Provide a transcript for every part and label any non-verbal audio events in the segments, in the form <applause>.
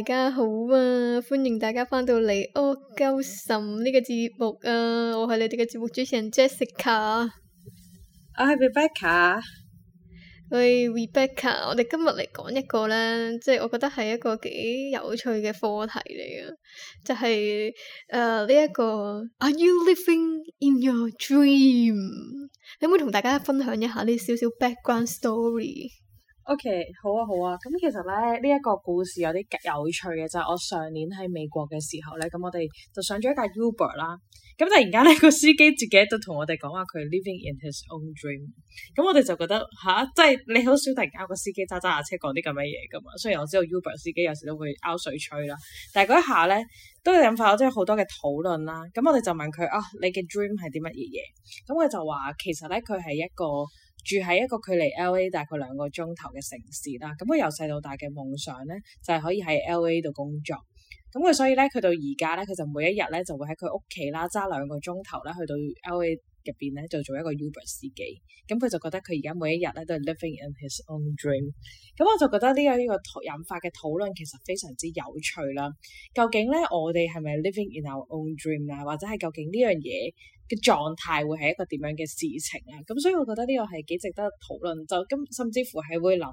大家好啊！歡迎大家翻到嚟《阿鳩什》呢個節目啊！我係你哋嘅節目主持人 Jessica，我係 have Rebecca. 喂 Rebecca，我係 Rebecca。我哋今日嚟講一個咧，即係我覺得係一個幾有趣嘅課題嚟嘅，就係誒呢一個 Are you living in your dream？你可唔可以同大家分享一下呢少少 background story？OK，好啊好啊，咁其實咧呢一個故事有啲有趣嘅就係我上年喺美國嘅時候咧，咁我哋就上咗一架 Uber 啦，咁突然間咧個司機自己都同我哋講話佢 living in his own dream，咁我哋就覺得吓，即係你好少突然間個司機揸揸下車講啲咁嘅嘢㗎嘛，雖然我知道 Uber 司機有時都會拗水吹啦，但係嗰一下咧都引發我真係好多嘅討論啦。咁我哋就問佢啊，你嘅 dream 係啲乜嘢嘢？咁佢就話其實咧佢係一個，住喺一個距離 L.A. 大概兩個鐘頭嘅城市啦，咁佢由細到大嘅夢想咧，就係可以喺 L.A. 度工作。咁佢所以咧，佢到而家咧，佢就每一日咧就會喺佢屋企啦揸兩個鐘頭咧去到 L.A. 入邊咧就做一個 Uber 司機。咁佢就覺得佢而家每一日咧都係 living in his own dream。咁我就覺得呢個呢個引發嘅討論其實非常之有趣啦。究竟咧我哋係咪 living in our own dream 啊？或者係究竟呢樣嘢？嘅狀態會係一個點樣嘅事情啦、啊，咁所以我覺得呢個係幾值得討論，就咁甚至乎係會諗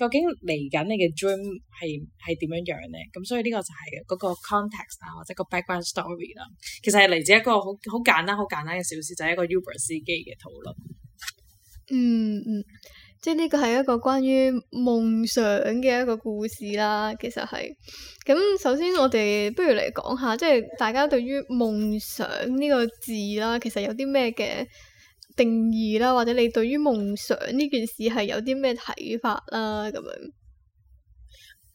究竟嚟緊你嘅 dream 係係點樣樣咧，咁所以呢個就係嗰個 context 啊或者、就是、個 background story 啦、啊，其實係嚟自一個好好簡單好簡單嘅小事，就係、是、一個 Uber 司機嘅討論。嗯嗯。嗯即係呢個係一個關於夢想嘅一個故事啦，其實係咁。首先我哋不如嚟講下，即係大家對於夢想呢個字啦，其實有啲咩嘅定義啦，或者你對於夢想呢件事係有啲咩睇法啦，咁樣。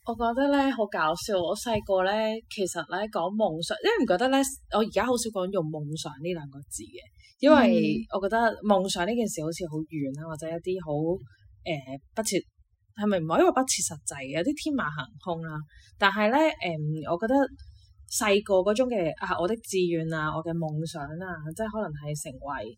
我覺得咧好搞笑，我細個咧其實咧講夢想，因為唔覺得咧我而家好少講用夢想呢兩個字嘅，因為我覺得夢想呢件事好似好遠呀，或者一啲好～誒、呃，不切係咪唔可以話？因為不，不，不切實際，有啲天馬行空啦、啊。但係咧，誒、呃，我覺得細個嗰種嘅啊，我的志願啊，我嘅夢想啊，即係可能係成為。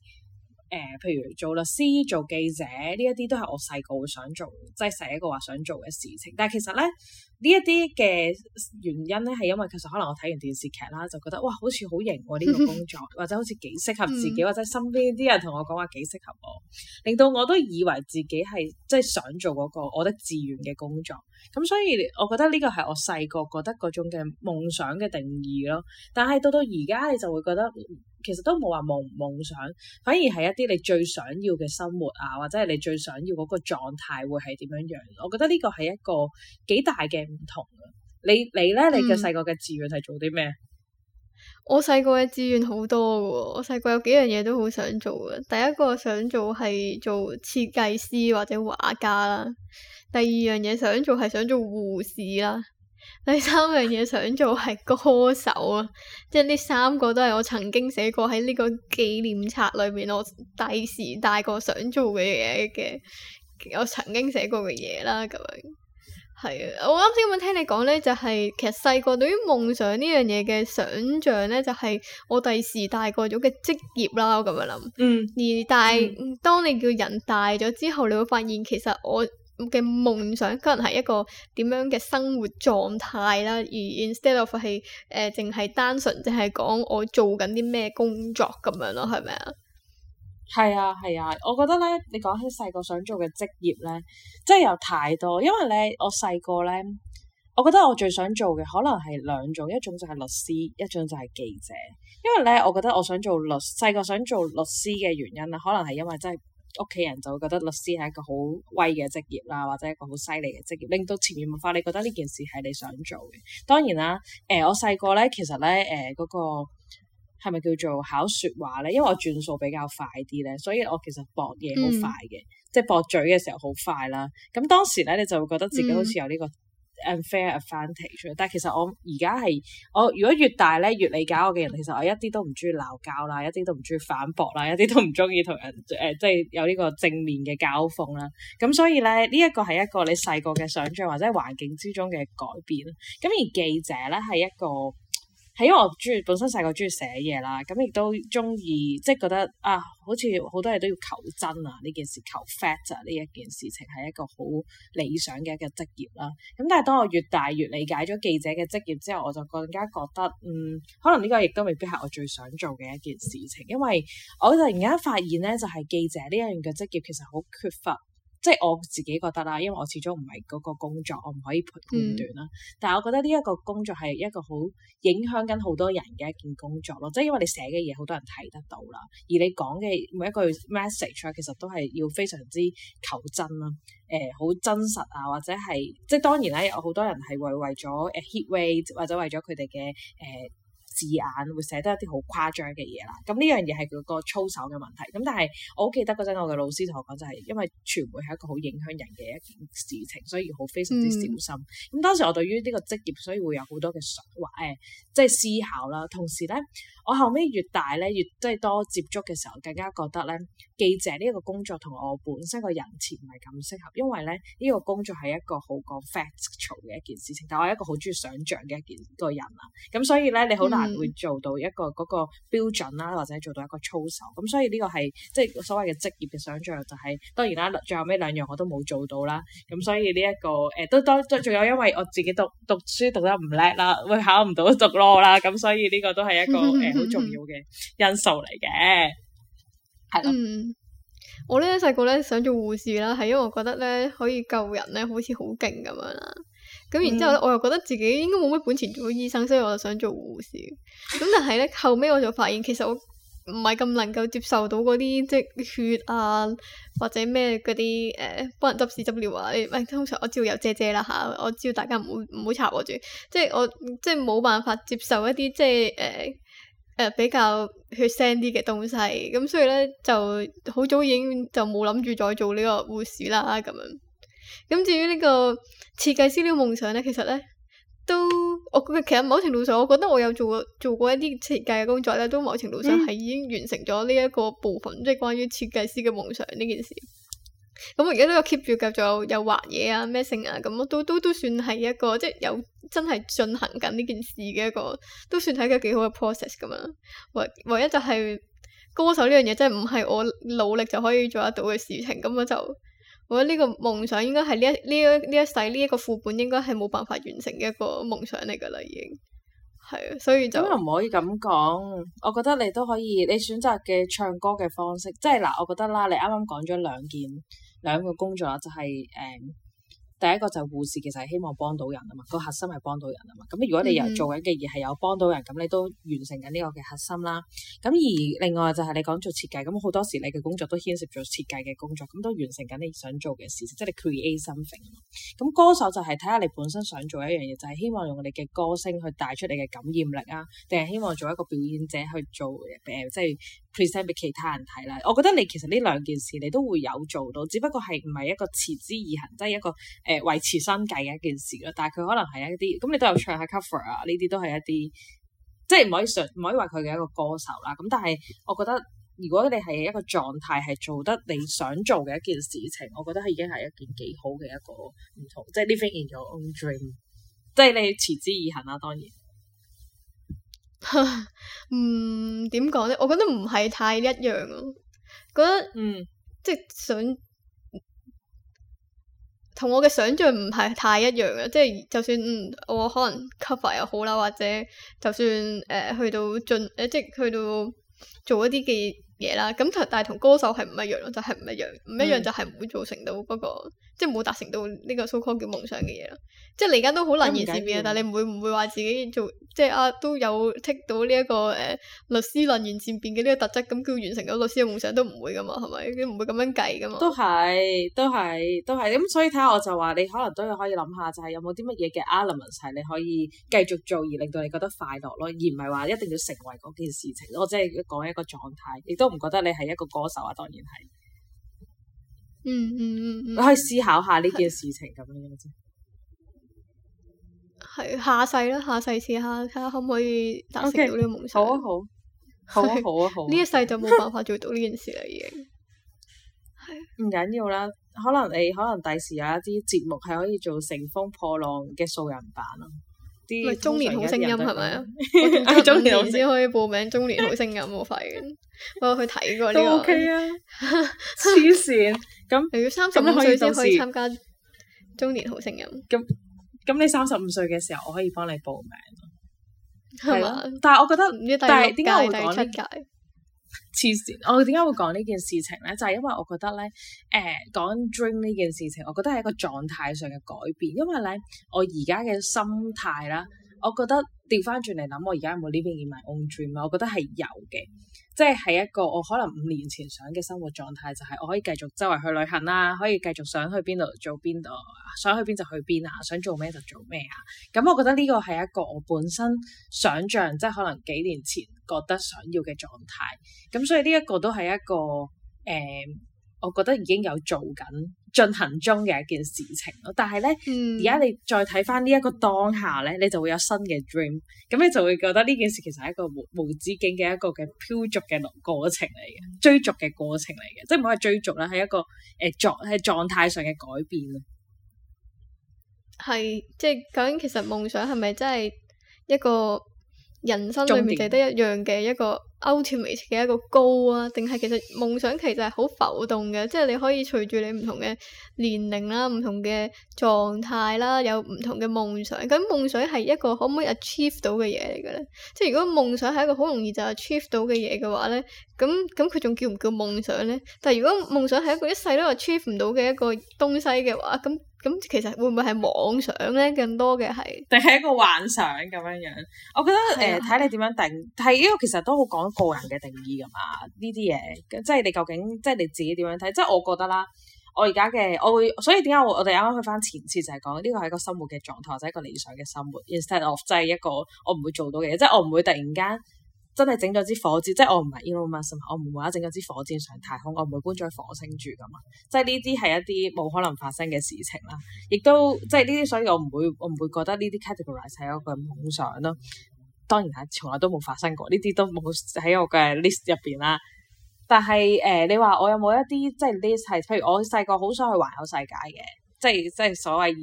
誒、呃，譬如做律師、做記者呢一啲，都係我細個會想做，即係細個話想做嘅事情。但係其實咧，呢一啲嘅原因咧，係因為其實可能我睇完電視劇啦，就覺得哇，好似好型喎呢個工作， <laughs> 或者好似幾適合自己， <laughs> 或者身邊啲人同我講話幾適合我，令到我都以為自己係即係想做嗰個我的志願嘅工作。咁所以，我覺得呢個係我細個覺得嗰種嘅夢想嘅定義咯。但係到到而家，你就會覺得。其實都冇話夢唔夢想，反而係一啲你最想要嘅生活啊，或者係你最想要嗰個狀態會係點樣樣？我覺得呢個係一個幾大嘅唔同啊！你你咧，你嘅細個嘅志願係做啲咩？嗯，我細個嘅志願好多噶，我細個有幾樣嘢都好想做嘅。第一個想做係做設計師或者畫家啦，第二樣嘢想做係想做護士啦。第三樣嘢想做係歌手啊，即係呢三個都係我曾經寫過喺呢個紀念冊裏面，我第時大個想做嘅嘢嘅，我曾經寫過嘅嘢啦，咁樣係啊。我啱先咁聽你講咧，就係、是、其實細個對於夢想呢樣嘢嘅想象咧，就係、是、我第時大個咗嘅職業啦，咁樣諗。嗯。而但帶係、嗯、當你叫人大咗之後，你會發現其實我。嘅夢想可能係一個點樣嘅生活狀態啦，而 instead of 係、呃、誒，淨係單純淨係講我做緊啲咩工作咁樣咯，係咪啊？係啊，係啊，我覺得咧，你講起細個想做嘅職業咧，真係有太多，因為咧，我細個咧，我覺得我最想做嘅可能係兩種，一種就係律師，一種就係記者，因為咧，我覺得我想做律，細個想做律師嘅原因啦，可能係因為真係。屋企人就會覺得律師係一個好威嘅職業啦，或者一個好犀利嘅職業，令到潛移默化，你覺得呢件事係你想做嘅。當然啦，誒、呃、我細個咧，其實咧誒嗰個係咪叫做考説話咧？因為我轉數比較快啲咧，所以我其實駁嘢好快嘅，嗯、即係駁嘴嘅時候好快啦。咁當時咧，你就會覺得自己好似有呢、這個。嗯 unfair advantage，但其實我而家係我如果越大咧，越理解我嘅人，其實我一啲都唔中意鬧交啦，一啲都唔中意反駁啦，一啲都唔中意同人誒、呃，即係有呢個正面嘅交鋒啦。咁所以咧，呢、這、一個係一個你細個嘅想像或者環境之中嘅改變。咁而記者咧係一個。係，因為我中意本身細個中意寫嘢啦，咁亦都中意即係覺得啊，好似好多嘢都要求真啊，呢件事求 fact 啊，呢一件事情係一個好理想嘅一個職業啦。咁但係當我越大越理解咗記者嘅職業之後，我就更加覺得，嗯，可能呢個亦都未必係我最想做嘅一件事情，因為我突然間發現咧，就係記者呢一樣嘅職業其實好缺乏。即係我自己覺得啦，因為我始終唔係嗰個工作，我唔可以判斷啦。嗯、但係我覺得呢一個工作係一個好影響緊好多人嘅一件工作咯。即係因為你寫嘅嘢好多人睇得到啦，而你講嘅每一句 message 啊，其實都係要非常之求真啦，誒、呃、好真實啊，或者係即係當然咧，有好多人係為為咗誒 hit rate 或者為咗佢哋嘅誒。呃字眼會寫得一啲好誇張嘅嘢啦，咁呢樣嘢係佢個操守嘅問題。咁但係我好記得嗰陣，我嘅老師同我講就係，因為傳媒係一個好影響人嘅一件事情，所以好非常之小心。咁、嗯、當時我對於呢個職業，所以會有好多嘅想話，誒，即係思考啦。同時咧，我後尾越大咧，越即係多接觸嘅時候，更加覺得咧，記者呢一個工作同我本身個人設唔係咁適合，因為咧呢、呢個工作係一個好講 facts 嘅一件事情，但係我係一個好中意想像嘅一件個人啊。咁所以咧，你好難、嗯。會做到一個嗰個標準啦，或者做到一個操守咁，所以呢個係即係所謂嘅職業嘅想像，就是，就係當然啦。最後尾兩樣我都冇做到啦，咁所以呢、這、一個誒、欸、都都都仲有，因為我自己讀讀書讀得唔叻啦，會考唔到讀 law 啦，咁所以呢個都係一個誒好、 <laughs> 欸、重要嘅因素嚟嘅，係咯。我呢細個呢想做護士啦，係因為我覺得呢，可以救人呢，好似好勁咁樣啦。咁然之後呢，嗯、我又覺得自己應該冇乜本錢做醫生，所以我就想做護士。咁但係呢後尾我就發現，其實我唔係咁能夠接受到嗰啲即係血啊，或者咩嗰啲誒幫人執屎執尿啊。誒，通常我知道有姐姐啦，我知大家唔好唔好插我住，即係我即係冇辦法接受一啲即係、呃比較血腥啲嘅東西，咁所以咧就好早已經就冇諗住再做呢個護士啦，咁樣。咁至於呢個設計師呢個夢想咧，其實咧都，我其實某程度上，我覺得我有做過做過一啲設計嘅工作咧，都某程度上係已經完成咗呢一個部分，嗯、即係關於設計師嘅夢想呢件事。咁我而家都 keep 住噶，仲有又畫嘢啊、咩聲啊，咁都都都算係一個即係有真係進行緊呢件事嘅一個，都算係一個幾好嘅 process 噶嘛。唯唯一就係歌手呢樣嘢真係唔係我努力就可以做得到嘅事情，咁我就我覺得呢個夢想應該係呢一呢一呢一世呢一個副本應該係冇辦法完成嘅一個夢想嚟噶啦，已經係啊，所以就咁又唔可以咁講。我覺得你都可以，你選擇嘅唱歌嘅方式，即係嗱，我覺得啦，你啱啱講咗兩件。兩個工作就係、是、誒。Um 第一個就係護士，其實係希望幫到人啊嘛。個核心係幫到人啊嘛。咁如果你又做緊嘅嘢係有幫到人，咁、嗯、你都完成緊呢個嘅核心啦。咁而另外就係你講做設計，咁好多時你嘅工作都牽涉咗設計嘅工作，咁都完成緊你想做嘅事，即係你 create something。咁歌手就係睇下你本身想做一樣嘢，就係希望用你嘅歌聲去帶出你嘅感染力啊，定係希望做一個表演者去做誒，即係 present 俾其他人睇啦。我覺得你其實呢兩件事你都會有做到，只不過係唔係一個持之以恆，即係一個。誒，維持生計嘅一件事咯，但係佢可能係一啲，咁你都有唱下 cover 啊，呢啲都係一啲，即係唔可以唔可以話佢嘅一個歌手啦。咁但係我覺得，如果你係一個狀態係做得你想做嘅一件事情，我覺得係已經係一件幾好嘅一個唔同，即係 living in your own dream。即係你持之以恆啦，啊，當然。 <laughs> 嗯，點講咧？我覺得唔係太一樣咯。覺得嗯，即係想。同我嘅想象唔係太一樣啊！即係就算、嗯、我可能 cover 又好啦，或者就算誒、呃、去到進誒，即去到做一啲嘅嘢啦，咁同但同歌手係唔一樣咯，就係、係、唔一樣，唔一樣就係唔會造成到嗰個。嗯，不過即係冇達成到呢個 so called 夢想嘅嘢啦，即係你而家都好能言善辯啊，但係你唔會唔會話自己做，即係啊都有 tick 到呢、這、一個誒、呃、律師能言善辯嘅呢個特質，咁叫完成咗律師嘅夢想都唔會噶嘛，係咪？你唔會咁樣計噶嘛。都係，都係，都係，咁所以睇下我就話你可能都係可以諗下，就係有冇啲乜嘢嘅 elements 係你可以繼續做而令到你覺得快樂咯，而唔係話一定要成為嗰件事情，我即係講一個狀態，亦都唔覺得你係一個歌手啊，當然係。嗯嗯嗯嗯，可以思考下呢件事情咁樣嘅啫。係下世啦，下世試下睇下可唔可以達成到呢個夢想。好啊，好，好啊，好啊，好。呢一世就冇辦法做到呢件事啦，已經。唔緊要啦，可能你可能第時有一啲節目係可以做乘風破浪嘅素人版咯，啲中年好聲音係咪啊？中年先可以報名中年好聲音喎，發現，我去睇過你都 OK 啊，黐線。又要三十五歲先可以參加中年好聲音。咁咁你三十五歲嘅時候，我可以幫你報名咯，係嘛嗎？但係我覺得，但係點解我會講呢？黐線！我點解會講呢件事情咧？就係、是、因為我覺得咧，誒講 dream 呢件事情，我覺得係一個狀態上嘅改變。因為咧，我而家嘅心態啦，我覺得調翻轉嚟諗，我而家有冇 living in my own dream，我覺得係有嘅。即係一個我可能五年前想嘅生活狀態，就係、是、我可以繼續周圍去旅行啦，可以繼續想去邊度做邊度，想去邊就去邊啊，想做咩就做咩啊。咁、嗯、我覺得呢個係一個我本身想像，即係可能幾年前覺得想要嘅狀態。咁、嗯、所以呢一個都係一個誒，我覺得已經有做緊。進行中嘅一件事情咯，但係咧，而家、嗯、你再睇翻呢一個當下咧，你就會有新嘅 dream，咁你就會覺得呢件事其實係一個無、無止境嘅一個嘅飄逐嘅過程嚟嘅，嗯、追逐嘅過程嚟嘅，即係唔好話追逐啦，係一個誒、欸、狀喺狀態上嘅改變咯。係，即係究竟其實夢想係咪真係一個人生裏面嘅得點一樣嘅一個？Ultimate 嘅一個 goal 啊，定係其實夢想其實係好浮動嘅，即係你可以隨住你唔同嘅年齡啦、唔同嘅狀態啦，有唔同嘅夢想。咁夢想係一個可唔可以 achieve 到嘅嘢嚟嘅咧？即係如果夢想係一個好容易就 achieve 到嘅嘢嘅話咧，咁咁佢仲叫唔叫夢想咧？但係如果夢想係一個一世都 achieve 唔到嘅一個東西嘅話，咁。咁其實會唔會係妄想咧？更多嘅係，定係一個幻想咁樣樣。我覺得誒，睇的、呃、你點樣定。但係呢個其實都好講個人嘅定義噶嘛。呢啲嘢，即係你究竟，即係你自己點樣睇？即係我覺得啦，我而家嘅我會，所以點解我我哋啱啱去翻前次就係講呢個係一個生活嘅狀態，或者一個理想嘅生活。Instead of 即係一個我唔會做到嘅嘢，即係我唔會突然間。真係整咗支火箭，即係我唔係 Elon m u s 我唔會一整咗支火箭上太空，我唔會搬咗去火星住噶嘛。即係呢啲係一啲冇可能發生嘅事情啦，亦都即係呢啲，所以我唔會，我唔會覺得呢啲 categorize 係一個夢想咯。當然啦，從來都冇發生過，呢啲都冇喺我嘅 list 入邊啦。但係誒、呃，你話我有冇一啲即係 list 係，譬如我細個好想去環遊世界嘅。即係即係所謂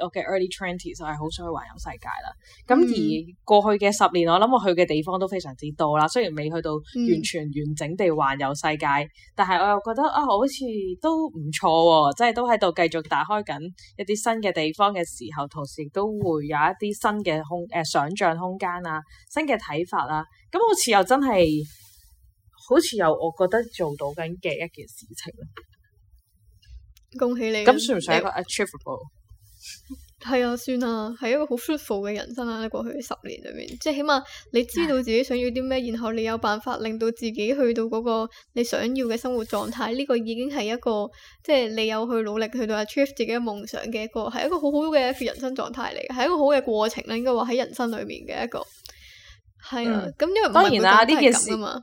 我嘅 early twenties 我係好想去環遊世界啦。咁、嗯、而過去嘅十年，我諗我去嘅地方都非常之多啦。雖然未去到完全完整地環遊世界，嗯、但係我又覺得啊、哦，好似都唔錯喎、哦。即係都喺度繼續打開緊一啲新嘅地方嘅時候，同時亦都會有一啲新嘅空誒、呃、想像空間啊，新嘅睇法啦、啊。咁好似又真係好似又我覺得做到緊嘅一件事情咯。恭喜你！咁算唔算一個 achievable？係 <laughs> 啊，算啦，係一個好舒服嘅人生啊。你過去十年裏面，即係起碼你知道自己想要啲咩， <laughs> 然後你有辦法令到自己去到嗰個你想要嘅生活狀態。呢、這個已經係一個即係、就是、你有去努力去到 achieve 自己嘅夢想嘅一個，係一個好好嘅一個人生狀態嚟嘅，係一個好嘅過程啦、啊。應該話喺人生裏面嘅一個係啊。咁、嗯、因為當然啦，啲係咁㗎嘛。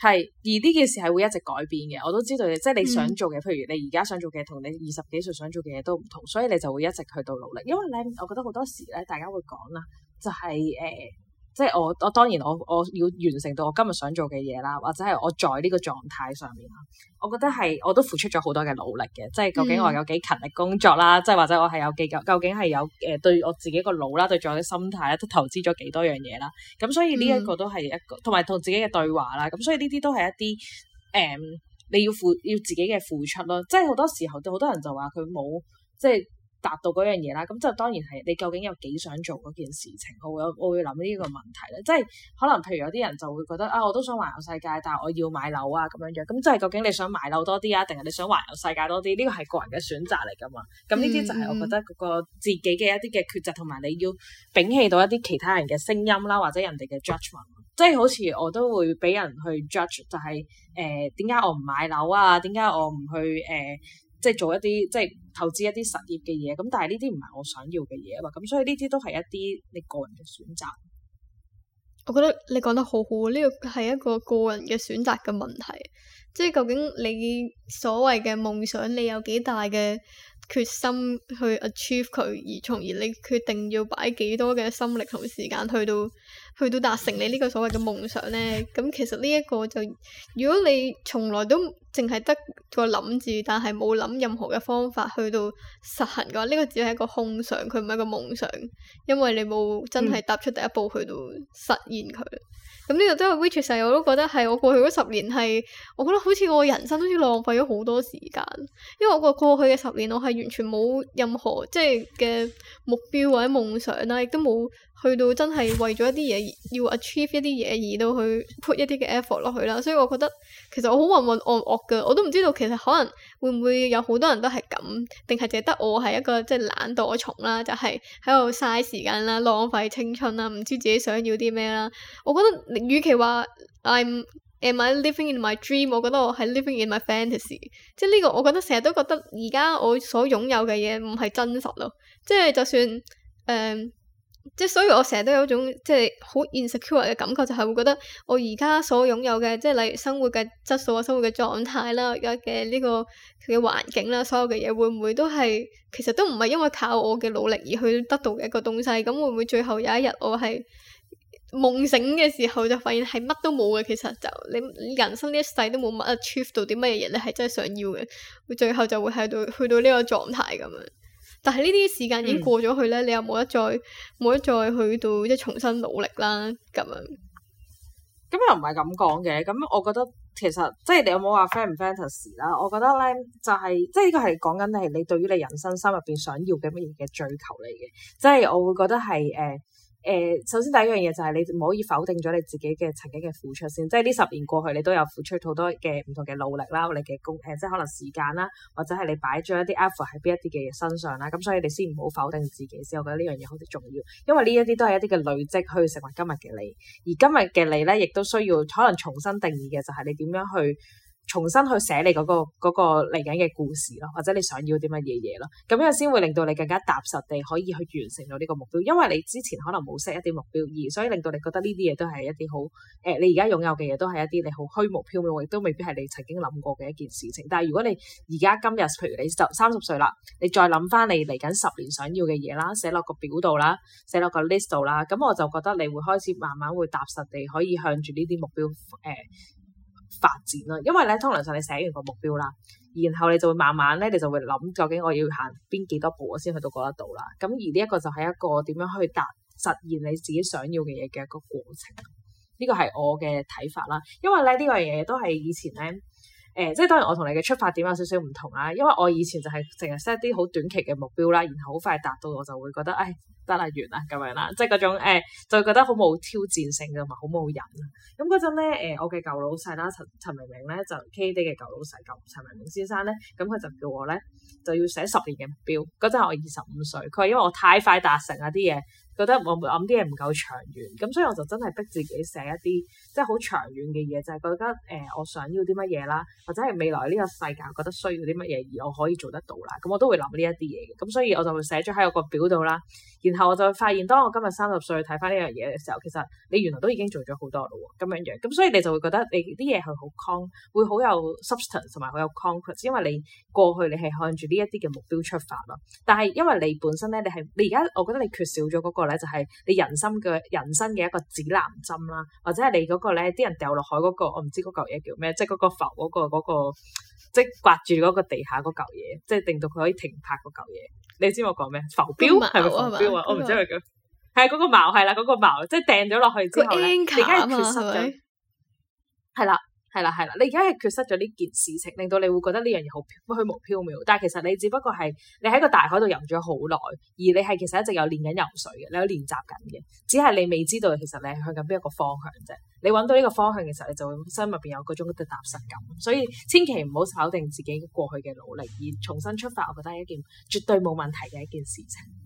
係，而呢件事係會一直改變嘅，我都知道嘅。即係你想做嘅，嗯、譬如你而家想做嘅，同你二十幾歲想做嘅嘢都唔同，所以你就會一直去到努力。因為咧，我覺得好多時咧，大家會講啦、就係，就係誒。即係我我當然我我要完成到我今日想做嘅嘢啦，或者係我在呢個狀態上面啊，我覺得係我都付出咗好多嘅努力嘅，即係究竟我有幾勤力工作啦，即係、嗯、或者我係有幾究竟係有誒、呃、對我自己個腦啦，對自己嘅心態咧，都投資咗幾多樣嘢啦。咁所以呢一個都係一個，同埋同自己嘅對話啦。咁所以呢啲都係一啲誒、嗯、你要付要自己嘅付出咯。即係好多時候，好多人就話佢冇即係達到嗰樣嘢啦，咁就當然係你究竟有幾想做嗰件事情，我會我會諗呢個問題啦。即係可能譬如有啲人就會覺得啊，我都想環遊世界，但係我要買樓啊咁樣樣。咁即係究竟你想買樓多啲啊，定係你想環遊世界多啲？呢個係個人嘅選擇嚟㗎嘛。咁呢啲就係我覺得嗰個自己嘅一啲嘅抉擇，同埋你要摒棄到一啲其他人嘅聲音啦，或者人哋嘅 judgement。即係好似我都會俾人去 judge，就係誒點解我唔買樓啊？點解我唔去誒？呃即係做一啲即係投資一啲實業嘅嘢，咁但係呢啲唔係我想要嘅嘢啊嘛，咁所以呢啲都係一啲你個人嘅選擇。我覺得你講得好好啊，呢個係一個個人嘅選擇嘅問題，即係究竟你所謂嘅夢想，你有幾大嘅決心去 achieve 佢，而從而你決定要擺幾多嘅心力同時間去到去到達成你呢個所謂嘅夢想咧？咁其實呢一個就，如果你從來都淨係得個諗住，但係冇諗任何嘅方法去到實行嘅話，呢個只係一個空想，佢唔係一個夢想，因為你冇真係踏出第一步去到實現佢。嗯咁呢個真係 which 其實我都覺得係，我過去嗰十年係，我覺得好似我人生好似浪費咗好多時間，因為我覺過去嘅十年我係完全冇任何即係嘅目標或者夢想啦、啊，亦都冇。去到真係為咗一啲嘢，要 achieve 一啲嘢而到去 put 一啲嘅 effort 落去啦，所以我覺得其實我好混混噩噩嘅，我都唔知道其實可能會唔會有好多人都係咁，定係淨係得我係一個即係懶惰蟲啦，就係喺度嘥時間啦，浪費青春啦，唔知自己想要啲咩啦。我覺得與其話 I am, am I living in my dream，我覺得我係 living in my fantasy，即係呢個我覺得成日都覺得而家我所擁有嘅嘢唔係真實咯，即係就算誒。嗯即係所以我成日都有一種即係好 insecure 嘅感覺，就係、是、會覺得我而家所擁有嘅，即係例如生活嘅質素啊、生活嘅狀態啦、而家嘅呢個嘅環境啦、所有嘅嘢，會唔會都係其實都唔係因為靠我嘅努力而去得到嘅一個東西？咁會唔會最後有一日我係夢醒嘅時候，就發現係乜都冇嘅？其實就你人生呢一世都冇乜 achieve 到啲乜嘢嘢，你係真係想要嘅？會最後就會喺到去到呢個狀態咁樣。但係呢啲時間已經過咗去咧，嗯、你又冇得再冇得再去到即係重新努力啦？咁樣咁又唔係咁講嘅。咁、嗯、我覺得其實即係你有冇話 fant fantasy 啦？我覺得咧就係、是、即係呢個係講緊係你對於你人生心入邊想要嘅乜嘢嘅追求嚟嘅。即係我會覺得係誒。呃誒、呃，首先第一樣嘢就係你唔可以否定咗你自己嘅曾經嘅付出先，即係呢十年過去你都有付出好多嘅唔同嘅努力啦，你嘅工誒、呃，即係可能時間啦，或者係你擺咗一啲 effort 喺邊一啲嘅嘢身上啦，咁所以你先唔好否定自己先，我覺得呢樣嘢好重要，因為呢一啲都係一啲嘅累積去成為今日嘅你，而今日嘅你咧，亦都需要可能重新定義嘅就係、是、你點樣去。重新去寫你嗰個嗰個嚟緊嘅故事咯，或者你想要啲乜嘢嘢咯，咁樣先會令到你更加踏實地可以去完成到呢個目標，因為你之前可能冇 set 一啲目標，二所以令到你覺得呢啲嘢都係一啲好誒，你而家擁有嘅嘢都係一啲你好虛無縹緲，亦都未必係你曾經諗過嘅一件事情。但係如果你而家今日譬如你就三十歲啦，你再諗翻你嚟緊十年想要嘅嘢啦，寫落個表度啦，寫落個 list 度啦，咁我就覺得你會開始慢慢會踏實地可以向住呢啲目標誒。呃發展啦，因為咧，通常上你寫完個目標啦，然後你就會慢慢咧，你就會諗究竟我要行邊幾多步，我先去到嗰度啦。咁而呢一個就係一個點樣去達實現你自己想要嘅嘢嘅一個過程。呢、這個係我嘅睇法啦。因為咧，呢樣嘢都係以前咧，誒、呃，即係當然我同你嘅出發點有少少唔同啦。因為我以前就係成日 set 啲好短期嘅目標啦，然後好快達到，我就會覺得誒。哎得啦，完啦，咁樣啦，即係嗰種、欸、就會覺得好冇挑戰性同埋好冇癮。咁嗰陣咧，誒、嗯呃、我嘅舊老細啦，陳陳明明咧，就 K&D 嘅舊老細，就陳明明先生咧，咁、嗯、佢就叫我咧就要寫十年嘅目標。嗰陣係我二十五歲，佢因為我太快達成啊啲嘢，覺得我諗啲嘢唔夠長遠，咁所以我就真係逼自己寫一啲即係好長遠嘅嘢，就係、是、覺得誒、呃、我想要啲乜嘢啦，或者係未來呢個世界覺得需要啲乜嘢而我可以做得到啦，咁我都會諗呢一啲嘢嘅，咁所以我就會寫咗喺我個表度啦。然後我就發現，當我今日三十歲睇翻呢樣嘢嘅時候，其實你原來都已經做咗好多嘞喎，咁樣樣，咁所以你就會覺得你啲嘢係好 con，會好有 substance 同埋好有 conquest，因為你過去你係向住呢一啲嘅目標出發咯。但係因為你本身咧，你係你而家，我覺得你缺少咗嗰個咧，就係你人生嘅人生嘅一個指南針啦，或者係你嗰個咧，啲人掉落海嗰個、嗰個，我唔知嗰嚿嘢叫咩，即係嗰個浮嗰個、嗰個、嗰個嗰個嗰個、即係刮住嗰個地下嗰嚿嘢，即係令到佢可以停泊嗰嚿嘢。你知我講咩？浮標係咪矛浮標啊？我唔知佢叫矛，係嗰個矛係啦，嗰個矛即係掟咗落去之後咧，點解要缺失？係啦。係啦，係啦，你而家係缺失咗呢件事情，令到你會覺得呢樣嘢好虛無縹緲。但係其實你只不過係你喺個大海度遊咗好耐，而你係其實一直有練緊游水嘅，你有練習緊嘅。只係你未知道其實你係向緊邊一個方向啫。你揾到呢個方向嘅時候，你就會心入邊有嗰種嘅踏實感。所以千祈唔好否定自己過去嘅努力，而重新出發，我覺得係一件絕對冇問題嘅一件事情。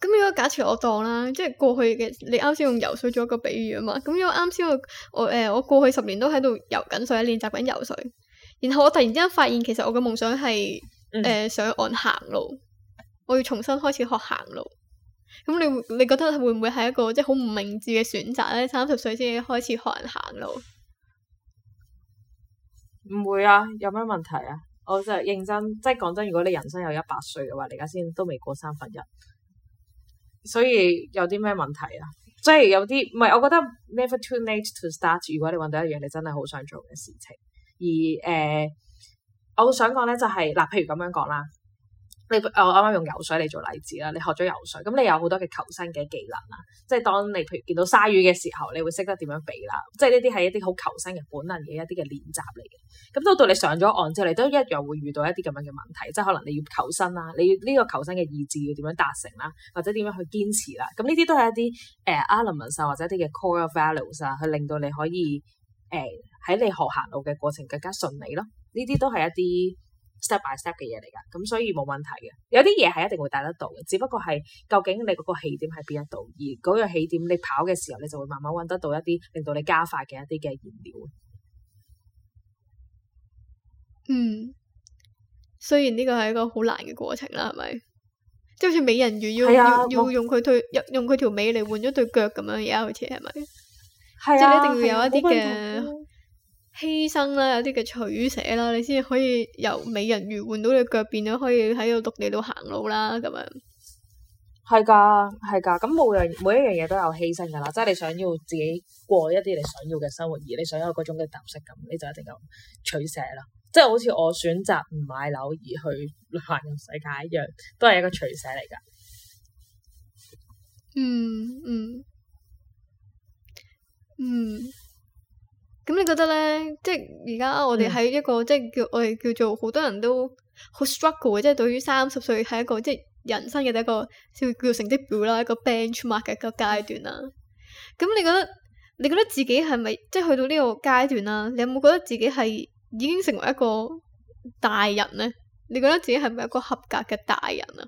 咁如果假設我當啦，即係過去嘅你啱先用游水做一個比喻啊嘛，咁如果啱先我我、呃、我過去十年都喺度游緊水，練習緊游水，然後我突然之間發現其實我嘅夢想係誒上岸行路，我要重新開始學行路。咁你你覺得會唔會係一個即係好唔明智嘅選擇咧？三十歲先開始學人行路？唔會啊，有咩問題啊？我真係認真，即係講真，如果你人生有一百歲嘅話，你而家先都未過三分一。所以有啲咩問題啊？即係有啲唔係，我覺得 never too late to start。如果你揾到一樣你真係好想做嘅事情，而誒，呃，我會想講咧，就係嗱，譬如咁樣講啦。你我啱啱用游水嚟做例子啦，你學咗游水，咁你有好多嘅求生嘅技能啦，即係當你譬如見到鯊魚嘅時候，你會識得點樣避啦，即係呢啲係一啲好求生嘅本能嘅一啲嘅練習嚟嘅。咁到到你上咗岸之後，你都一樣會遇到一啲咁樣嘅問題，即係可能你要求生啦，你呢個求生嘅意志要點樣達成啦，或者點樣去堅持啦，咁呢啲都係一啲誒、呃、elements 或者一啲嘅 core values 啊，去令到你可以誒喺、呃、你學行路嘅過程更加順利咯。呢啲都係一啲。Step by step 嘅嘢嚟噶，咁所以冇問題嘅。有啲嘢係一定會帶得到嘅，只不過係究竟你嗰個起點喺邊一度，而嗰個起點你跑嘅時候，你就會慢慢揾得到一啲令到你加快嘅一啲嘅燃料。嗯，雖然呢個係一個好難嘅過程啦，係咪？即係好似美人魚要、啊、要要用佢對用佢條尾嚟換咗對腳咁樣，而家好似係咪？係啊，即係你一定要有一啲嘅。犧牲啦，有啲嘅取捨啦，你先可以由美人魚換到你腳變咗可以喺度獨你度行路啦，咁樣係噶係噶，咁冇樣每一樣嘢都有犧牲噶啦，即係你想要自己過一啲你想要嘅生活，而你想有嗰種嘅特色咁，你就一定有取捨啦。即係好似我選擇唔買樓而去環遊世界一樣，都係一個取捨嚟噶。嗯嗯嗯。咁你覺得呢？即係而家我哋喺一個、嗯、即係叫我哋叫做好多人都好 struggle 嘅，即係對於三十歲係一個即係人生嘅第一個叫叫成績表啦，一個 benchmark 嘅一個階段啦。咁、嗯、你覺得，你覺得自己係咪即係去到呢個階段啦？你有冇覺得自己係已經成為一個大人呢？你覺得自己係咪一個合格嘅大人啊？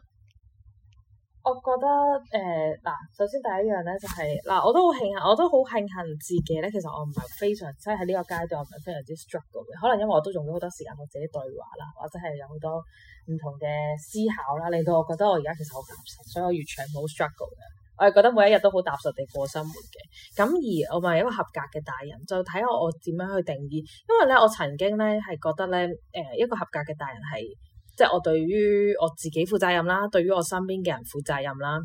我覺得誒嗱、呃，首先第一樣咧就係、是、嗱、呃，我都好慶幸，我都好慶幸自己咧。其實我唔係非常即係喺呢個階段，我唔係非常之 struggle 嘅。可能因為我都用咗好多時間同自己對話啦，或者係有好多唔同嘅思考啦，令到我覺得我而家其實好踏實，所以我越嚟越冇 struggle 嘅。我係覺得每一日都好踏實地過生活嘅。咁而我咪一個合格嘅大人，就睇下我點樣去定義。因為咧，我曾經咧係覺得咧，誒、呃、一個合格嘅大人係。即係我對於我自己負責任啦，對於我身邊嘅人負責任啦，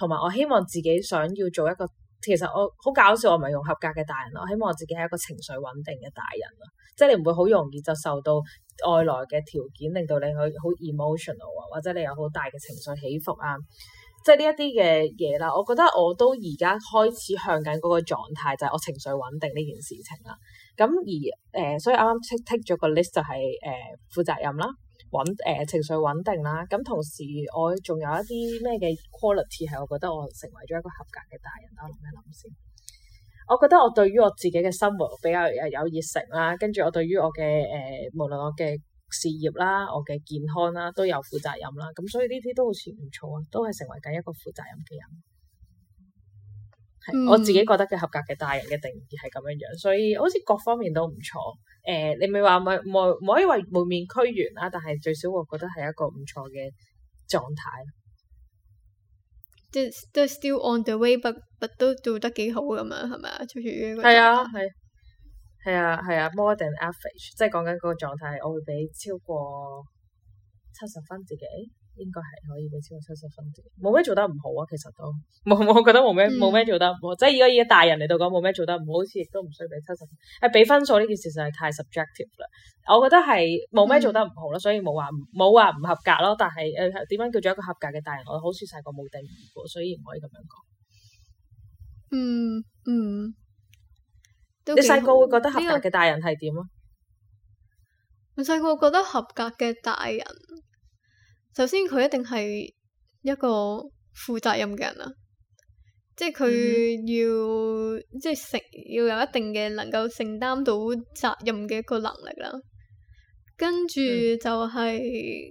同埋我希望自己想要做一個。其實我好搞笑，我唔係用合格嘅大人咯。我希望我自己係一個情緒穩定嘅大人啦。即係你唔會好容易就受到外來嘅條件，令到你去好 emotional 啊，或者你有好大嘅情緒起伏啊。即係呢一啲嘅嘢啦，我覺得我都而家開始向緊嗰個狀態，就係我情緒穩定呢件事情啦。咁、嗯、而誒、呃，所以啱啱剔剔咗個 list 就係誒負責任啦。穩誒、呃、情緒穩定啦，咁、嗯、同時我仲有一啲咩嘅 quality 係，我覺得我成為咗一個合格嘅大人啦。我諗一諗先，我覺得我對於我自己嘅生活比較有熱誠啦，跟住我對於我嘅誒、呃、無論我嘅事業啦、我嘅健康啦，都有負責任啦。咁、嗯、所以呢啲都好似唔錯啊，都係成為緊一個負責任嘅人。我自己覺得嘅合格嘅大人嘅定義係咁樣樣，所以好似各方面都唔錯。誒、呃，你咪話冇冇可以話滿面俱圓啦，但係最少我覺得係一個唔錯嘅狀態。即即 still on the way，but but 都做得幾好咁樣，係咪啊？處係啊，係係啊，係啊，啊，more than average，即係講緊嗰個狀態，我會畀超過七十分自己。應該係可以俾超過七十分點，冇咩做得唔好啊。其實都冇，我覺得冇咩冇咩做得唔好，即係如果以大人嚟到講冇咩做得唔好，好似亦都唔需要俾七十分。係、哎、俾分數呢件事，實係太 subjective 啦。我覺得係冇咩做得唔好啦，嗯、所以冇話冇話唔合格咯。但係誒，點、呃、樣叫做一個合格嘅大人？我好似細個冇定義過，所以唔可以咁樣講、嗯。嗯嗯，你細個會覺得合格嘅大人係點啊？我細個覺得合格嘅大人。首先佢一定係一個負責任嘅人啦，即係佢要、嗯、哼即係承要有一定嘅能夠承擔到責任嘅一個能力啦。跟住就係、是嗯、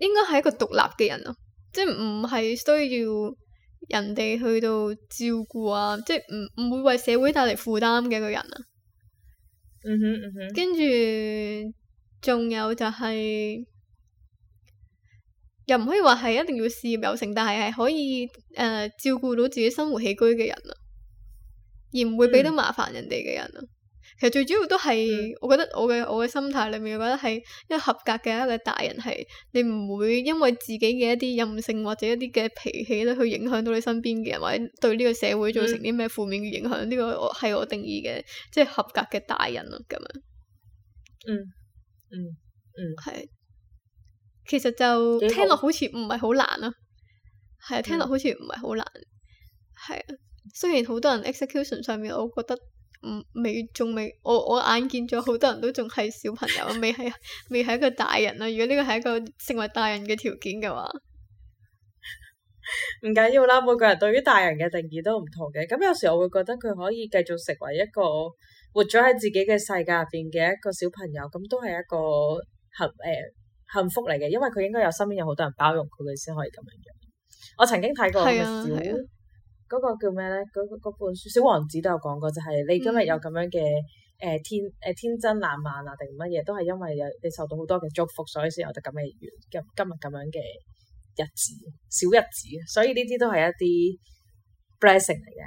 應該係一個獨立嘅人,人啊，即係唔係需要人哋去到照顧啊，即係唔唔會為社會帶嚟負擔嘅一個人啊、嗯。嗯哼嗯哼。跟住仲有就係、是。又唔可以話係一定要事業有成，但係係可以誒、呃、照顧到自己生活起居嘅人啊，而唔會俾到麻煩人哋嘅人啊。嗯、其實最主要都係，嗯、我覺得我嘅我嘅心態裏面，我覺得係一個合格嘅一個大人係，你唔會因為自己嘅一啲任性或者一啲嘅脾氣咧，去影響到你身邊嘅人，或者對呢個社會造成啲咩負面嘅影響。呢個係我定義嘅，即、就、係、是、合格嘅大人咯，咁樣。嗯，嗯，嗯，係。其實就聽落好似唔係好難咯，係啊，好係聽落好似唔係好難，係、嗯、雖然好多人 execution 上面，我覺得唔未仲未，我我眼見咗好多人都仲係小朋友， <laughs> 未係未係一個大人啊。如果呢個係一個成為大人嘅條件嘅話，唔緊要啦。每個人對於大人嘅定義都唔同嘅。咁有時我會覺得佢可以繼續成為一個活咗喺自己嘅世界入面嘅一個小朋友，咁都係一個合誒。欸幸福嚟嘅，因為佢應該有身邊有好多人包容佢，佢先可以咁樣樣。我曾經睇過個小嗰、啊啊、個叫咩咧？嗰本書《小王子》都有講過，就係、是、你今日有咁樣嘅誒、嗯呃、天誒、呃、天真浪漫啊，定乜嘢都係因為有你受到好多嘅祝福，所以先有得咁嘅如今日咁樣嘅日子，小日子。所以呢啲都係一啲 blessing 嚟嘅。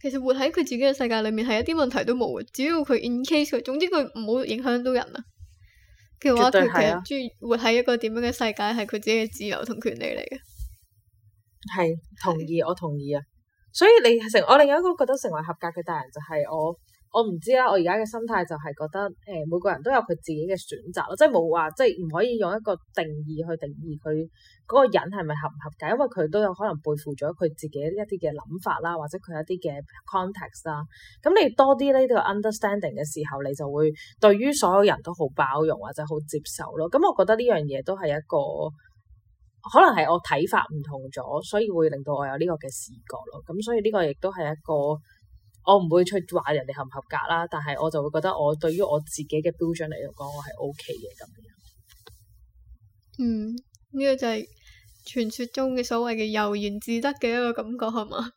其實活喺佢自己嘅世界裡面，係一啲問題都冇，只要佢 in case，佢總之佢唔好影響到人啊。嘅話，佢他其實中意活喺一個點樣嘅世界，係佢自己嘅自由同權利嚟嘅。係同意，是我同意啊！所以你成，我另外一個覺得成為合格嘅大人就係、是、我。我唔知啦，我而家嘅心態就係覺得，誒、呃、每個人都有佢自己嘅選擇咯，即係冇話即係唔可以用一個定義去定義佢嗰個人係咪合唔合格，因為佢都有可能背負咗佢自己一啲嘅諗法啦，或者佢一啲嘅 context 啦。咁你多啲呢、這個 understanding 嘅時候，你就會對於所有人都好包容或者好接受咯。咁我覺得呢樣嘢都係一個，可能係我睇法唔同咗，所以會令到我有呢個嘅視覺咯。咁所以呢個亦都係一個。我唔會去話人哋合唔合格啦，但係我就會覺得我對於我自己嘅標準嚟講，我係 OK 嘅咁樣。嗯，呢個就係傳説中嘅所謂嘅悠然自得嘅一個感覺，係嘛？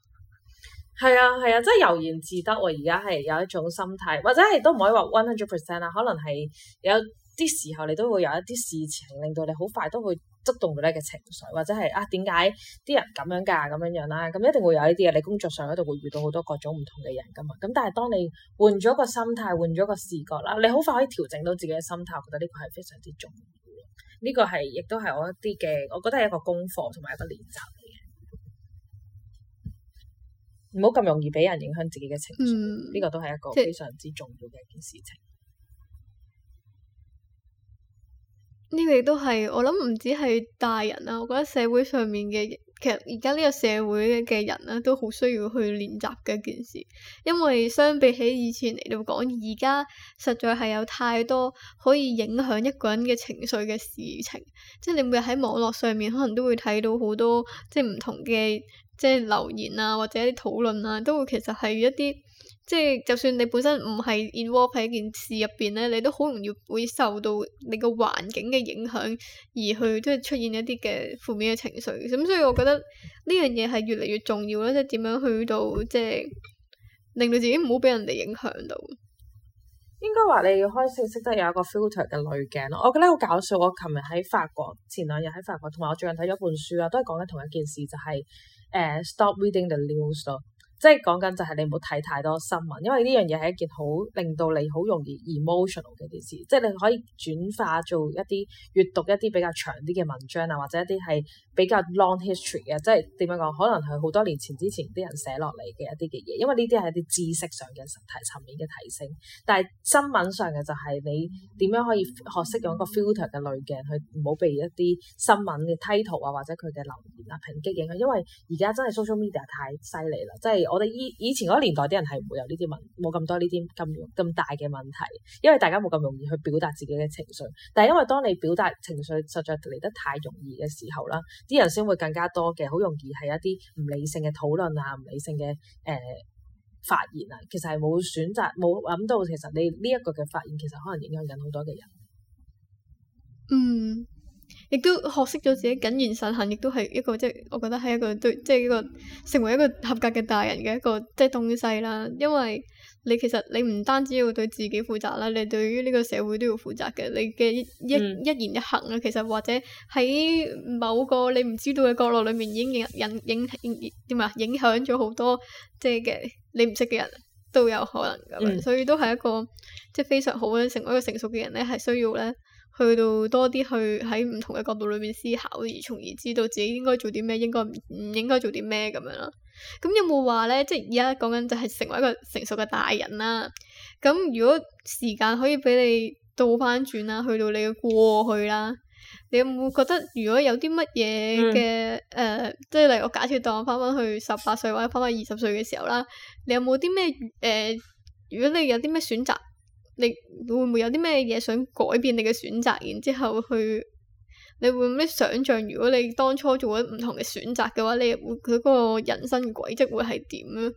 係 <laughs> 啊，係啊，即係悠然自得。我而家係有一種心態，或者係都唔可以話 one hundred percent 啦。可能係有啲時候，你都會有一啲事情令到你好快都會。觸動到你嘅情緒，或者係啊點解啲人咁樣噶、啊、咁樣樣、啊、啦，咁、嗯、一定會有呢啲嘅。你工作上嗰度會遇到好多各種唔同嘅人噶嘛。咁但係當你換咗個心態，換咗個視覺啦，你好快可以調整到自己嘅心態，我覺得呢個係非常之重要。呢個係亦都係我一啲嘅，我覺得係一個功課同埋一個練習嚟嘅。唔好咁容易俾人影響自己嘅情緒，呢個都係一個非常之重要嘅一件事情。呢個都係我諗唔止係大人啊。我覺得社會上面嘅其實而家呢個社會嘅人咧都好需要去練習嘅一件事，因為相比起以前嚟到講，而家實在係有太多可以影響一個人嘅情緒嘅事情，即係你每日喺網絡上面可能都會睇到好多即係唔同嘅即係留言啊，或者啲討論啊，都會其實係一啲。即係就算你本身唔係 involve 喺件事入邊咧，你都好容易會受到你個環境嘅影響，而去即係出現一啲嘅負面嘅情緒。咁、嗯、所以我覺得呢樣嘢係越嚟越重要啦，即係點樣去到即係令到自己唔好俾人哋影響到。應該話你要開始識得有一個 filter 嘅濾鏡咯。我覺得好搞笑。我琴日喺法國，前兩日喺法國，同埋我最近睇咗本書啊，都係講緊同一件事，就係、是、誒、uh, stop reading the news 咯。即係講緊就係你唔好睇太多新聞，因為呢樣嘢係一件好令到你好容易 emotional 嘅件事。即係你可以轉化做一啲閱讀一啲比較長啲嘅文章啊，或者一啲係比較 long history 嘅。即係點樣講？可能係好多年前之前啲人寫落嚟嘅一啲嘅嘢，因為呢啲係一啲知識上嘅提層面嘅提升。但係新聞上嘅就係你點樣可以學識用一個 filter 嘅濾鏡去唔好被一啲新聞嘅 title 啊，或者佢嘅留言啊、抨擊影響。因為而家真係 social media 太犀利啦，即係。我哋以以前嗰年代啲人係唔會有呢啲問，冇咁多呢啲咁咁大嘅問題，因為大家冇咁容易去表達自己嘅情緒。但係因為當你表達情緒實在嚟得太容易嘅時候啦，啲人先會更加多嘅，好容易係一啲唔理性嘅討論啊，唔理性嘅誒、呃、發言啊，其實係冇選擇，冇諗到其實你呢一個嘅發言其實可能影響到好多嘅人。嗯。亦都學識咗自己謹言慎行，亦都係一個即係我覺得係一個對即係一個成為一個合格嘅大人嘅一個即係東西啦。因為你其實你唔單止要對自己負責啦，你對於呢個社會都要負責嘅。你嘅一一,一言一行啊，其實或者喺某個你唔知道嘅角落裡面已經影引影點啊影，影，影，影響咗好多即係嘅你唔識嘅人都有可能噶。嗯。所以都係一個即係非常好嘅成為一個成熟嘅人咧，係需要咧。去到多啲去喺唔同嘅角度裏面思考，而從而知道自己應該做啲咩，應該唔唔應該做啲咩咁樣囉。咁有冇話咧？即係而家講緊就係成為一個成熟嘅大人啦。咁如果時間可以畀你倒翻轉啦，去到你嘅過去啦，你有冇覺得如果有啲乜嘢嘅誒，即係例如我假設當我翻返去十八歲或者翻返二十歲嘅時候啦，你有冇啲咩誒？如果你有啲咩選擇？你會唔會有啲咩嘢想改變你嘅選擇，然之後去你會唔會想象如果你當初做咗唔同嘅選擇嘅話，你會佢個人生軌跡會係點咧？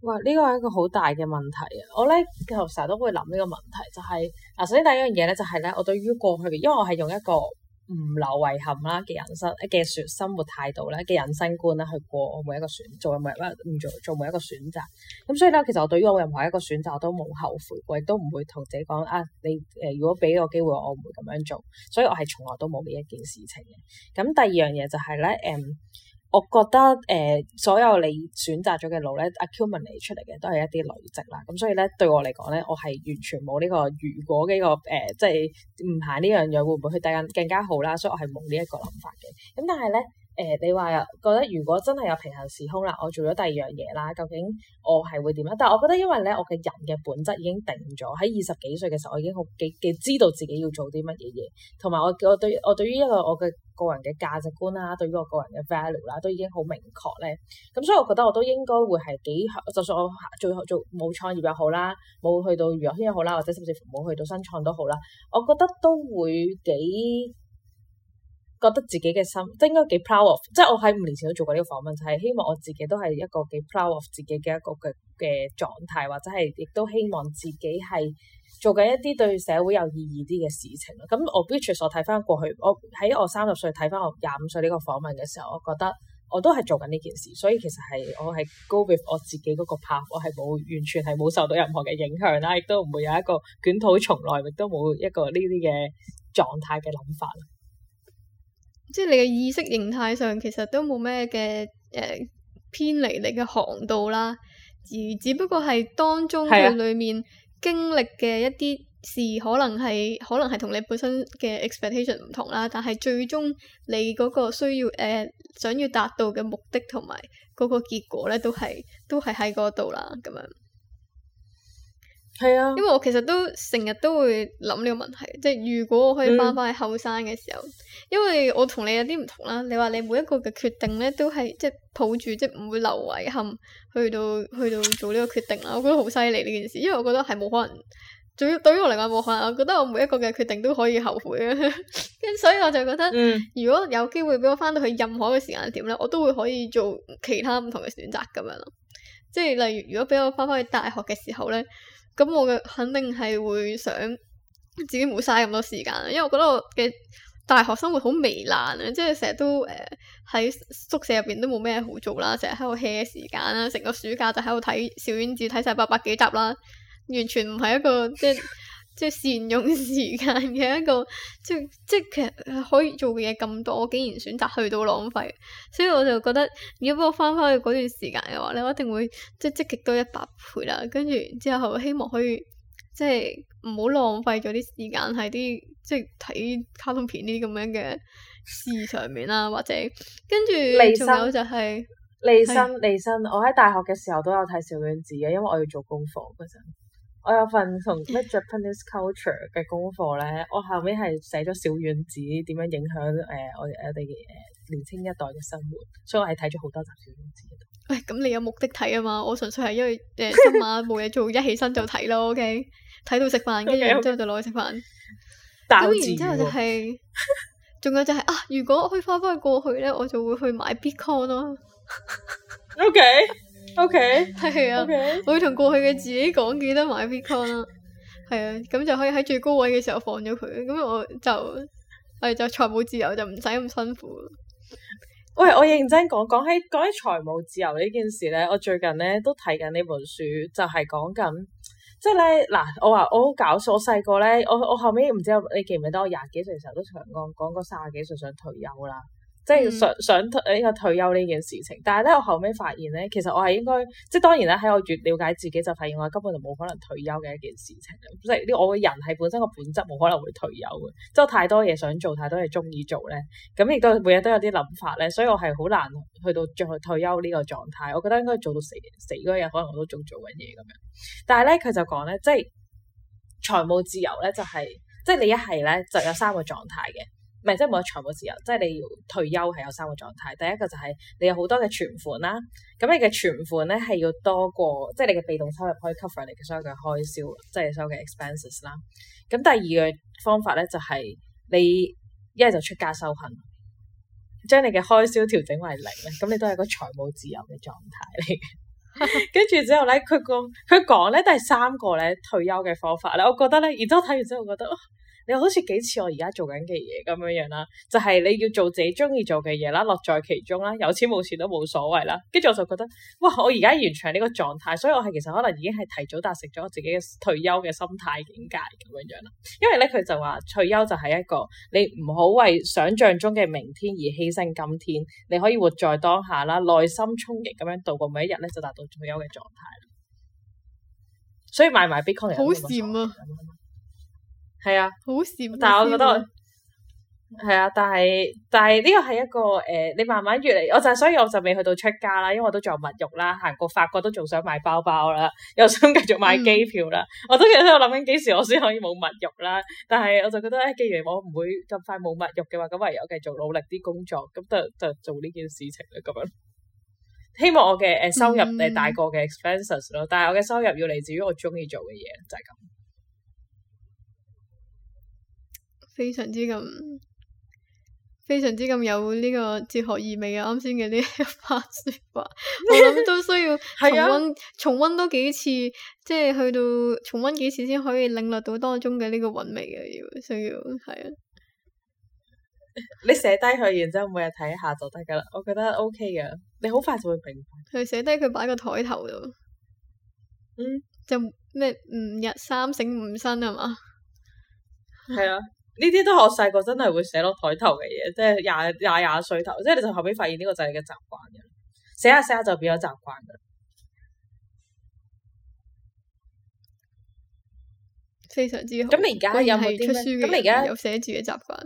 哇！呢個係一個好大嘅問題啊！我咧其實成日都會諗呢個問題，就係、是、啊，首先第一樣嘢咧就係咧，我對於過去，嘅，因為我係用一個。唔留遺憾啦嘅人生嘅選生活態度啦，嘅人生觀啦，去過我每一個選做每一唔做做每一個選擇。咁所以咧，其實我對於我任何一個選擇我都冇後悔，亦都唔會同自己講啊，你誒、呃、如果俾個機會我唔會咁樣做。所以我係從來都冇嘅一件事情嘅。咁第二樣嘢就係、是、咧，誒、嗯。我覺得誒、呃，所有你選擇咗嘅路咧 accumulate 出嚟嘅都係一啲累積啦。咁所以咧，對我嚟講咧，我係完全冇呢、這個如果呢一、這個、呃、即係唔行呢樣嘢會唔會去第間更加好啦。所以我係冇、嗯、呢一個諗法嘅。咁但係咧。誒，你話覺得如果真係有平行時空啦，我做咗第二樣嘢啦，究竟我係會點咧？但係我覺得因為咧，我嘅人嘅本質已經定咗。喺二十幾歲嘅時候，我已經好幾幾知道自己要做啲乜嘢嘢，同埋我我對我對於一個我嘅個人嘅價值觀啦、啊，對於我個人嘅 value 啦，都已經好明確咧。咁所以我覺得我都應該會係幾，就算我最後做冇創業又好啦，冇去到娛樂圈又好啦，或者甚至乎冇去到新創都好啦，我覺得都會幾。覺得自己嘅心即係應該幾 proud of，即係我喺五年前都做過呢個訪問，就係希望我自己都係一個幾 proud of 自己嘅一個嘅嘅狀態，或者係亦都希望自己係做緊一啲對社會有意義啲嘅事情。咁我 Beatrice 所睇翻過去，我喺我三十歲睇翻我廿五歲呢個訪問嘅時候，我覺得我都係做緊呢件事，所以其實係我係 go with 我自己嗰個 path，我係冇完全係冇受到任何嘅影響啦，亦都唔會有一個捲土重來，亦都冇一個呢啲嘅狀態嘅諗法。即係你嘅意識形態上，其實都冇咩嘅誒偏離你嘅航道啦，而只不過係當中佢裡面經歷嘅一啲事的可，可能係可能係同你本身嘅 expectation 唔同啦，但係最終你嗰個需要誒、呃、想要達到嘅目的同埋嗰個結果咧，都係都係喺嗰度啦，咁樣。係啊，因為我其實都成日都會諗呢個問題，即係如果我可以翻返去後生嘅時候，嗯、因為我同你有啲唔同啦。你話你每一個嘅決定咧，都係即係抱住即唔會留遺憾去到去到做呢個決定啦。我覺得好犀利呢件事，因為我覺得係冇可能，對對於我嚟講冇可能。我覺得我每一個嘅決定都可以後悔嘅，跟 <laughs> 所以我就覺得，嗯、如果有機會俾我翻到去任何嘅時間點咧，我都會可以做其他唔同嘅選擇咁樣咯。即係例如，如果俾我翻返去大學嘅時候咧。咁我嘅肯定係會想自己冇嘥咁多時間，因為我覺得我嘅大學生活好糜爛啊！即係成日都誒喺、呃、宿舍入邊都冇咩好做啦，成日喺度 hea 時間啦，成個暑假就喺度睇《小丸子》睇晒八百幾集啦，完全唔係一個即係。 <laughs> 即係善用時間嘅一個，即係即係其實可以做嘅嘢咁多，我竟然選擇去到浪費，所以我就覺得如果我翻返去嗰段時間嘅話咧，我一定會即係積極多一百倍啦。跟住之後，希望可以即係唔好浪費咗啲時間喺啲即係睇卡通片呢啲咁樣嘅事上面啦， <laughs> 或者跟住仲有就係、係、離身，是離，身離身。我喺大學嘅時候都有睇小丸子嘅，因為我要做功課嗰我有份同咩 Japanese culture 嘅功課咧，我後面係寫咗小丸子點樣影響誒、呃、我誒哋誒年輕一代嘅生活，所以我係睇咗好多集小丸子。咁、哎、你有目的睇啊嘛？我純粹係因為誒今晚冇嘢做，一起身就睇咯。OK，睇到食飯嘅，之 Okay, okay. 後就攞去食飯。打然之後就係、是，仲 <laughs> 有就係、是、啊！如果可以翻返去過去咧，我就會去買 Bitcoin 咯。 <laughs> OK。O K，係啊，okay, okay, <noise> 我同過去嘅自己講，記得買 Vicon 啦，係 <noise> 啊，咁就可以喺最高位嘅時候放咗佢，咁我就係就財務自由就唔使咁辛苦。喂，我認真講講起講起財務自由呢件事咧，我最近咧都睇緊呢本書，就係講緊即係咧嗱，我話我好搞笑，我細個咧，我我後尾唔知你記唔記得，我廿幾歲時候都長講講過卅幾歲想退休啦。即係想想呢個退休呢件事情，但係咧我後尾發現咧，其實我係應該即係當然咧，喺我越瞭解自己就是、發現我根本就冇可能退休嘅一件事情，即係呢我嘅人係本身個本質冇可能會退休嘅，即係太多嘢想做，太多嘢鍾意做咧，咁亦都每日都有啲諗法咧，所以我係好難去到再退休呢個狀態。我覺得應該做到死死嗰日，可能我都仲做緊嘢咁樣。但係咧佢就講咧，即係財務自由咧就係、是、即係你一係咧就有三個狀態嘅。唔係，即係冇得財務自由，即係你要退休係有三個狀態。第一個就係你有好多嘅存款啦，咁你嘅存款咧係要多過，即係你嘅被動收入可以 cover 你嘅所有嘅開銷，即係所有嘅 expenses 啦。咁第二個方法咧就係你一係就出家修行，將你嘅開銷調整為零咧，咁你都係個財務自由嘅狀態嚟。跟住之後咧，佢講佢講咧都係三個咧退休嘅方法咧，我覺得咧，而家睇完之後我覺得。你好似幾次我而家做緊嘅嘢咁樣樣啦，就係、是、你要做自己中意做嘅嘢啦，樂在其中啦，有錢冇錢都冇所謂啦。跟住我就覺得，哇！我而家完全係呢個狀態，所以我係其實可能已經係提早達成咗我自己嘅退休嘅心態境界咁樣樣啦。因為咧佢就話退休就係一個你唔好為想像中嘅明天而犧牲今天，你可以活在當下啦，內心充盈咁樣度過每一日咧，就達到退休嘅狀態。所以買埋 Bitcoin 有乜錯？係啊，好羨慕，但係我覺得係啊，但係但係呢個係一個誒，你慢慢越嚟，我就係所以我就未去到出家啦，因為我都仲有物慾啦，行過法國都仲想買包包啦，又想繼續買機票啦，我都記得我諗緊幾時我先可以冇物慾啦，但係我就覺得咧，既然我唔會咁快冇物慾嘅話，咁唯有繼續努力啲工作，咁就就做呢件事情啦，咁樣希望我嘅誒收入嚟大過嘅 expenses 咯，但係我嘅收入要嚟自於我中意做嘅嘢，就係咁。非常之咁，非常之咁有呢個哲學意味嘅啱先嘅呢一番說話， <laughs> <laughs> 我諗都需要重溫， <laughs> 啊、重溫多幾次，即係去到重溫幾次先可以領略到當中嘅呢個韻味嘅，要需要係啊。你寫低佢，然之後每日睇下就得噶啦。我覺得 OK 噶，你好快就會明白。佢寫低佢擺個枱頭度，嗯，就咩吾日三省吾身係嘛，係 <laughs> 啊。呢啲都係我細個真係會寫落台頭嘅嘢，即係廿廿廿歲頭，即係你就後邊發現呢個就係你嘅習慣嘅，寫下寫下就變咗習慣嘅，非常之好。咁你而家有冇出書？咁你而家有寫住嘅習慣？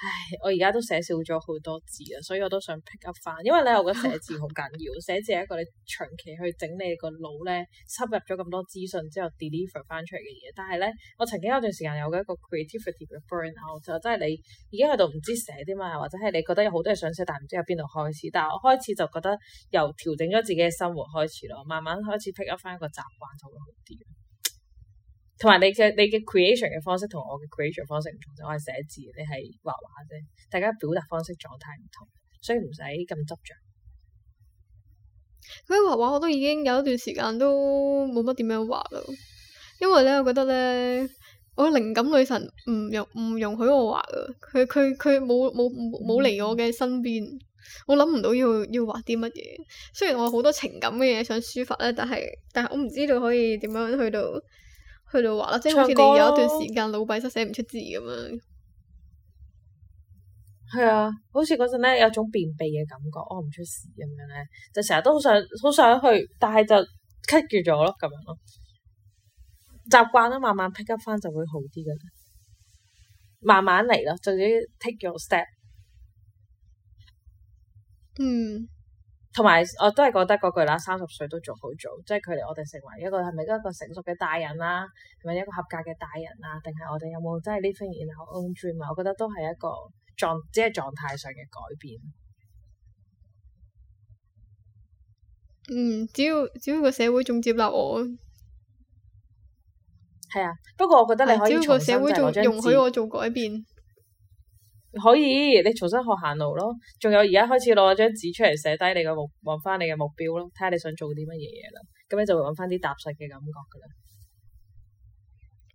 唉，我而家都寫少咗好多字啊，所以我都想 pick up 翻，因為咧我覺得寫字好緊要， <laughs> 寫字係一個你長期去整理個腦咧，吸入咗咁多資訊之後 deliver 翻出嚟嘅嘢。但係咧，我曾經有段時間有個一個 creativity burn out 就真係你已經喺度唔知寫啲乜，或者係你覺得有好多嘢想寫，但係唔知喺邊度開始。但係我開始就覺得由調整咗自己嘅生活開始咯，慢慢開始 pick up 翻一個習慣就會好啲。同埋你嘅你嘅 creation 嘅方式，同我嘅 creation 嘅方式唔同，就我係寫字，你係畫畫啫。大家表達方式、狀態唔同，所以唔使咁執着。佢畫畫，我都已經有一段時間都冇乜點樣畫啦，因為咧，我覺得咧，我嘅靈感女神唔容唔容許我畫噶。佢佢佢冇冇冇嚟我嘅身邊，我諗唔到要要畫啲乜嘢。雖然我好多情感嘅嘢想抒發咧，但係但係我唔知道可以點樣去到。去到話啦，即係好似你有一段時間老闆就寫唔出字咁樣。係啊，好似嗰陣咧有種便秘嘅感覺，屙、哦、唔出屎咁樣咧，就成日都好想好想去，但係就卡住咗咯咁樣咯。習慣啦，慢慢 pick up 翻就會好啲嘅。慢慢嚟咯，就叫 take your step。嗯。同埋我都係覺得嗰句啦，三十歲都仲好做，即係距離我哋成為一個係咪一個成熟嘅大人啦、啊，係咪一個合格嘅大人啦、啊？定係我哋有冇真係 living in our own dream 啊？我覺得都係一個狀即係狀態上嘅改變。嗯，只要只要個社會仲接納我，係啊。不過我覺得你可以容許我做改變。可以，你重新學行路咯，仲有而家開始攞張紙出嚟寫低你嘅目，搵翻你嘅目標咯，睇下你想做啲乜嘢嘢啦，咁樣你就會揾翻啲踏實嘅感覺噶啦。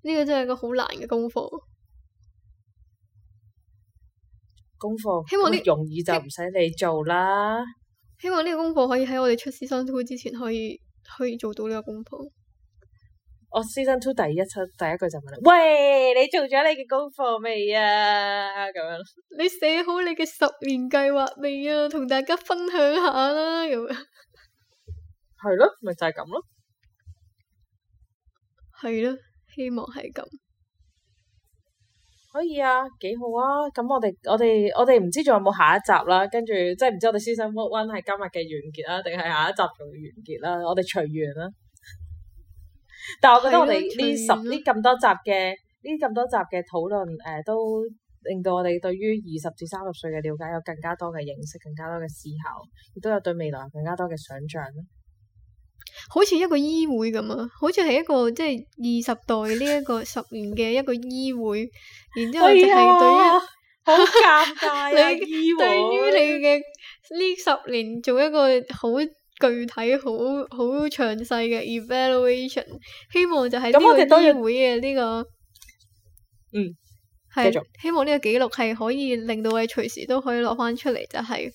呢個真係個好難嘅功課，功課，希望呢個容易就唔使你做啦。希望呢個功課可以喺我哋出師新村之前可以可以做到呢個功課。我 season two 第一集第一句就問你，喂，你做咗你嘅功課未啊？咁樣，你寫好你嘅十年計劃未啊？同大家分享下啦，咁係咯，咪就係咁咯，係咯，希望係咁可以啊，幾好啊！咁我哋我哋我哋唔知仲有冇下一集啦，跟住即係唔知我哋 season one 係今日嘅完結啊，定係下一集仲要完結啦？我哋隨緣啦。但係我覺得我哋呢十呢咁多集嘅呢咁多集嘅討論，誒、呃、都令到我哋對於二十至三十歲嘅了解有更加多嘅認識，更加多嘅思考，亦都有對未來有更加多嘅想像咯。好似一個醫會咁啊，好似係一個即係二十代呢一個十年嘅一個醫會， <laughs> 然之後就係對於、哎、好尷尬啊，對於你嘅呢十年做一個好具體好好詳細嘅 evaluation，希望就喺呢個會嘅呢個，嗯，係希望呢個記錄係可以令到你隨時都可以攞翻出嚟，就係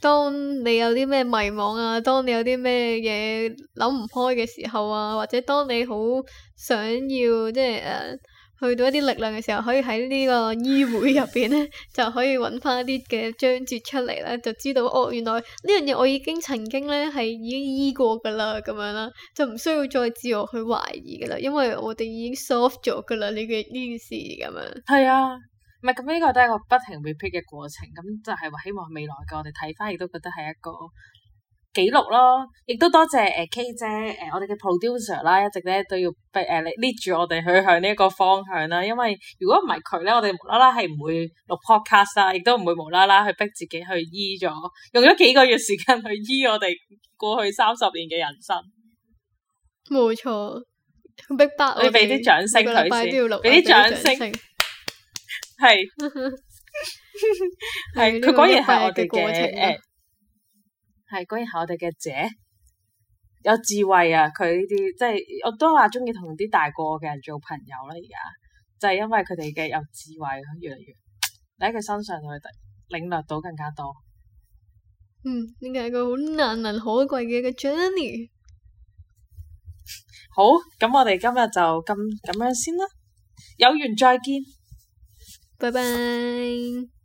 當你有啲咩迷茫啊，當你有啲咩嘢諗唔開嘅時候啊，或者當你好想要即係誒。去到一啲力量嘅時候，可以喺呢個醫會入邊呢， <laughs> 就可以揾翻一啲嘅章節出嚟啦，就知道哦，原來呢樣嘢我已經曾經咧係已經醫過噶啦，咁樣啦，就唔需要再自我去懷疑噶啦，因為我哋已經 solve 咗噶啦呢個呢件、呢個、事咁樣。係 <music> 啊，唔係咁呢個都係我不停 repeat 嘅過程，咁就係話希望未來嘅我哋睇翻，亦都覺得係一個。記錄咯，亦都多謝誒 K 姐，誒我哋嘅 producer 啦，一直咧都要逼誒你 lead 住我哋去向呢一個方向啦。因為如果唔係佢咧，我哋無啦啦係唔會錄 podcast 啦，亦都唔會無啦啦去逼自己去醫咗，用咗幾個月時間去醫我哋過去三十年嘅人生。冇錯，逼得你俾啲掌聲佢先，俾啲掌聲，係係佢果然係我哋嘅誒。係，果然係我哋嘅姐有智慧啊！佢呢啲即係，我都話鍾意同啲大個嘅人做朋友啦，啊。而家就係、是、因為佢哋嘅有智慧，越嚟越你喺佢身上，就會領略到更加多。嗯，點解一個好難能可貴嘅一個 journey。好，咁我哋今日就咁咁樣，樣先啦，有緣再見，拜拜。